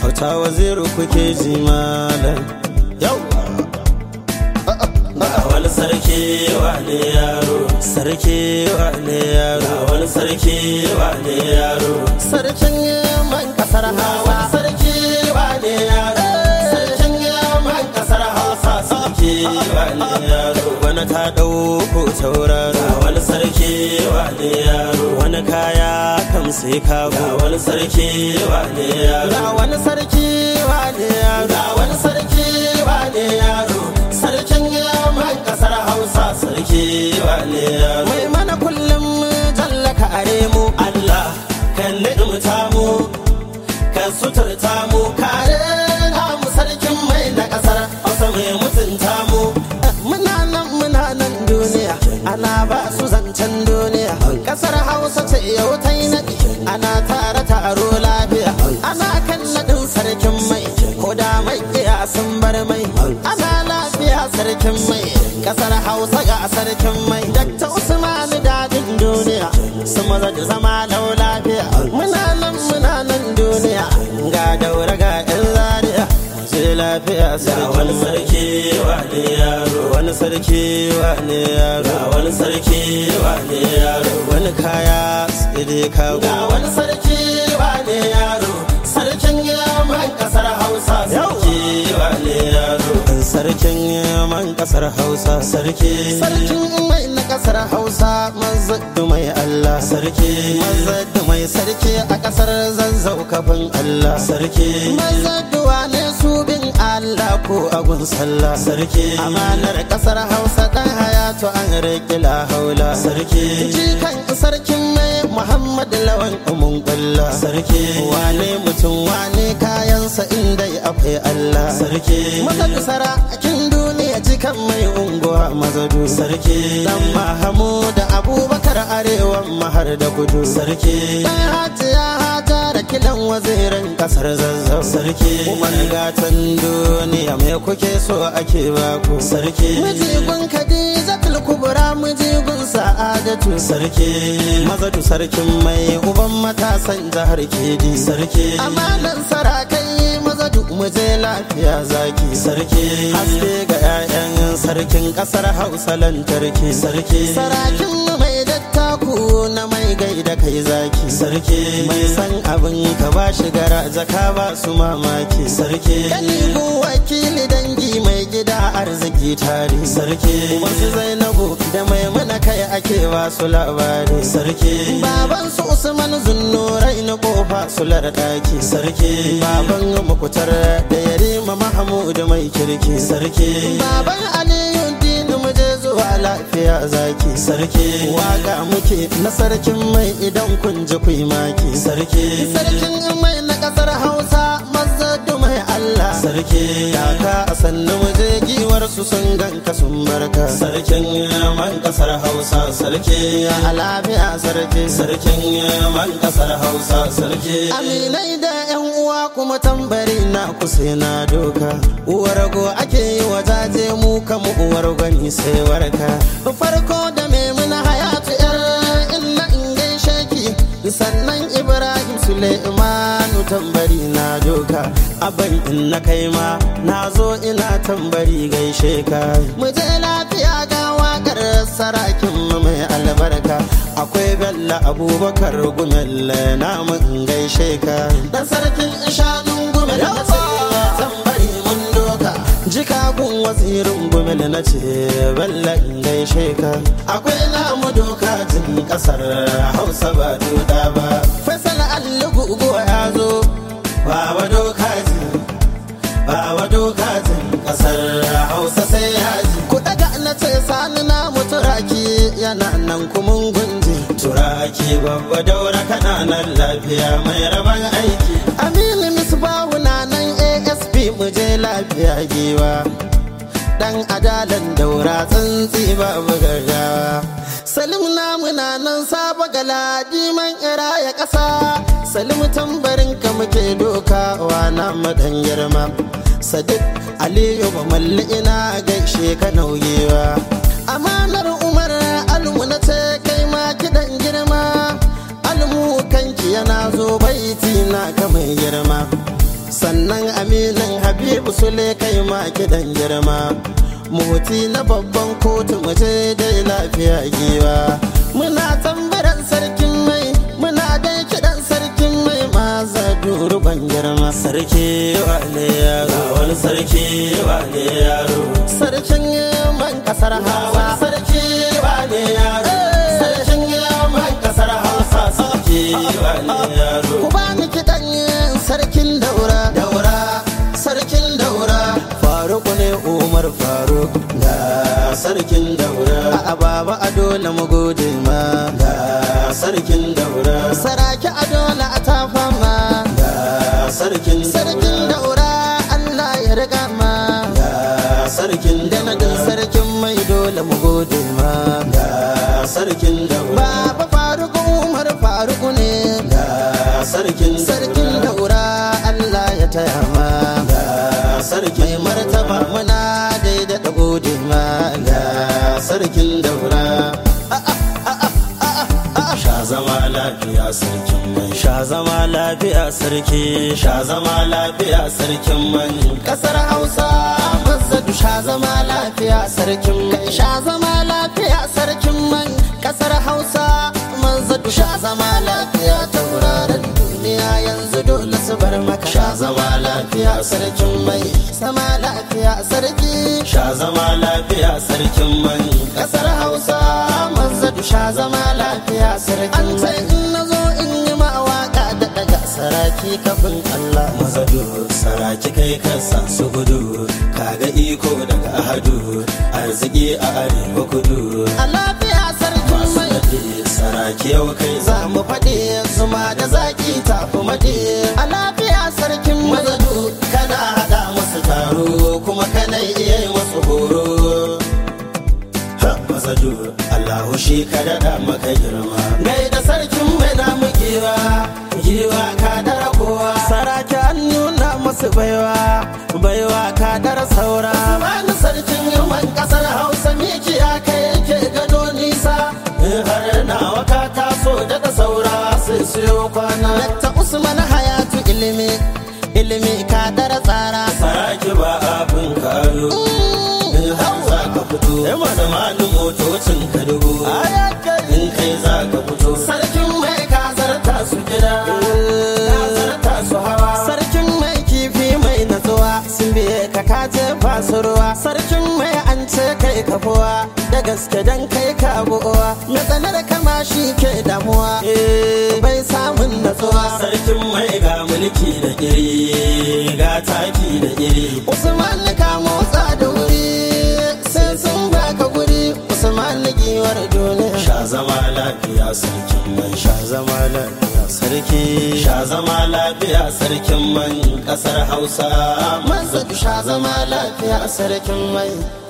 Fata waziru kuke ji malam. wani sarki wane yaro sarki wane yaro wani sarki wane yaro sarkin man kasar hawa sarki wane yaro sarkin man kasar hausa sarki wane yaro wani ta ɗauko sauraro wani sarki wane yaro wani kaya kam sai kago wani sarki wane yaro wani sarki wane yaro wani sarki wane yaro sarkin mai kasar hausa sarki wane yaro mai mana kullum jallaka are mu allah kan ni'imta mu kan suturta mu kare zancen duniya kasar hausa ce yau ta yi naɗi ana tare taro lafiya ana kan naɗin sarkin mai ko da mai sun bar mai ana lafiya sarkin mai kasar hausa ga sarkin mai dakta usmanu dadin duniya su maza da zama lau lafiya muna nan muna nan duniya ga daura lafiya sarki wani sarki wane yaro wani sarki wane yaro ga wani sarki wane yaro wani kaya tsire kawo ga wani sarki wane yaro sarkin yaman kasar hausa sarki wane yaro sarkin yaman kasar hausa sarki sarkin mai na kasar hausa mazzadu mai allah sarki mazzadu mai sarki a kasar zanzau kafin allah sarki mazzaduwa ne su ko agun sallah sarki amanar kasar hausa dan hayatu an rike la haula sarki jikan sarkin mai muhammad lawan umun kulla sarki wane mutum wane kayansa indai akwai allah sarki mata sara kan mai unguwa mazadu sarki dan mahamu da abubakar arewan mahar da kudu sarki dan ya hata da kilan waziran kasar zazzau sarki umar gatan duniya mai kuke so ake baku sarki mijigun kadizatul kubura mijigun sa'adatu sarki mazadu sarkin mai uban matasan jihar kedi sarki amanan sarakai mazadu muje lafiya zaki sarki haske ga 'ya'ya sarkin kasar hausa lantarki sarki sarakin mu mai dattaku na mai gaida kai zaki sarki mai san abin ka ba shi gara zaka ba su mamaki sarki kani wakili da arziki tare sarki wasu zainabu da mai mana kai ake ba su labari sarki baban su usman rai na kofa su daki sarki baban makutar da yarima mahamudu mai kirki sarki baban ali dinu muje zuwa lafiya zaki sarki waka muke na sarkin mai idan kun ji kuyi maki sarki sarkin mai na kasar hausa Allah sarki ka a sannu waje giwar su sun ganka sun barka sarkin man kasar Hausa sarki a lafiya sarki sarkin man kasar Hausa sarki aminai da yan uwa kuma tambari na kusa na doka uwar go ake yi wa zaje mu kamu uwar gani sai warka farko da maimuna hayatu yar inna in gaishe ki sannan Ibrahim Sule doka aban in na kai ma na zo ina tambari gaishe ka mu je lafiya ga wakar sarakin mu mai albarka akwai bella abubakar gumelle na mu gaishe ka dan sarkin ishanun gumelle tambari mun doka jika gun wasirin gumelle na ce bella in gaishe ka akwai namu doka kasar hausa ba duda ba fasala allugu ya zo bawa dokatin bawa dokatin kasar hausa sai haji ku daga na ce sani na yana nan kumun gunji turaki babba daura kananan lafiya mai rabon aiki aminu bawu na nan asp mu je lafiya giwa dan adalan daura tsantsi babu gaggawa salim na nan saba galadi man ira ya ƙasa salim tambarin ka muke doka wa na madan girma sadiq aliyu ba malli ina gaishe ka nauyewa amanar umar almu na ce kai ma kidan girma almu kanki yana zo baiti na ka mai girma sannan aminan habibu sule kai ma kidan girma moti na babban kotu mace dai lafiya giwa muna tambaran sarkin mai muna dai kiɗan sarkin mai Ma za duru ban girma sarki wale yaro wani sarki wale yaro sarkin man kasar hawa sarki wale yaro sarkin man kasar hausa sarki wale yaro eh. faro la sarkin daura a baba a dole mu gode ma la sarkin daura saraki a dole a tafa ma la sarkin sarkin daura Allah ya riga ma la sarkin danadin sarkin mai dole mu gode ma la sarkin daura baba faruk umar faruk ne la sarkin sarkin daura Allah ya taya ma Sarkin mai martaba mana lafiya sarkin mai sha zama lafiya sarki sha zama lafiya sarkin man kasar hausa mazzadu sha zama lafiya sarkin mai sha zama lafiya sarkin man kasar hausa mazzadu sha zama lafiya tauraron yanzu dole su bar maka sha zama lafiya sarkin mai sama lafiya sarki sha zama lafiya sarkin mai kasar hausa manzadu sha zama lafiya sarkin mai an sai in nazo zo in yi mawaka da daga saraki kafin allah mazadu saraki kai kansa su gudu kaga iko daga ahadu arziki a arewa kudu a lafiya sarkin mai saraki yau kai za mu waje a lafiya sarkin mazadu kana hada masu taro kuma kana iya yi masu horo mazadu allahu shi ka daɗa maka girma mai da sarkin mai namu giwa giwa ka dara kowa sarakin nuna masu baiwa baiwa ka dara saura fito zama da motocin ka dubu in kai za ka fito sarkin mai ka zarta su gida eh. ka zarta su hawa sarkin mai kifi mai natsuwa sun biye ka ka ruwa sarkin mai an ce kai kafuwa da gaske dan kai ka buwa na tsanar kama shi ke damuwa eh. bai samun natsuwa sarkin mai ga mulki da iri ga taki da iri usman ka motsa da lafiya sarkin man sha zama lafiya sarki sha zama lafiya sarkin man kasar hausa man sha zama lafiya sarkin mai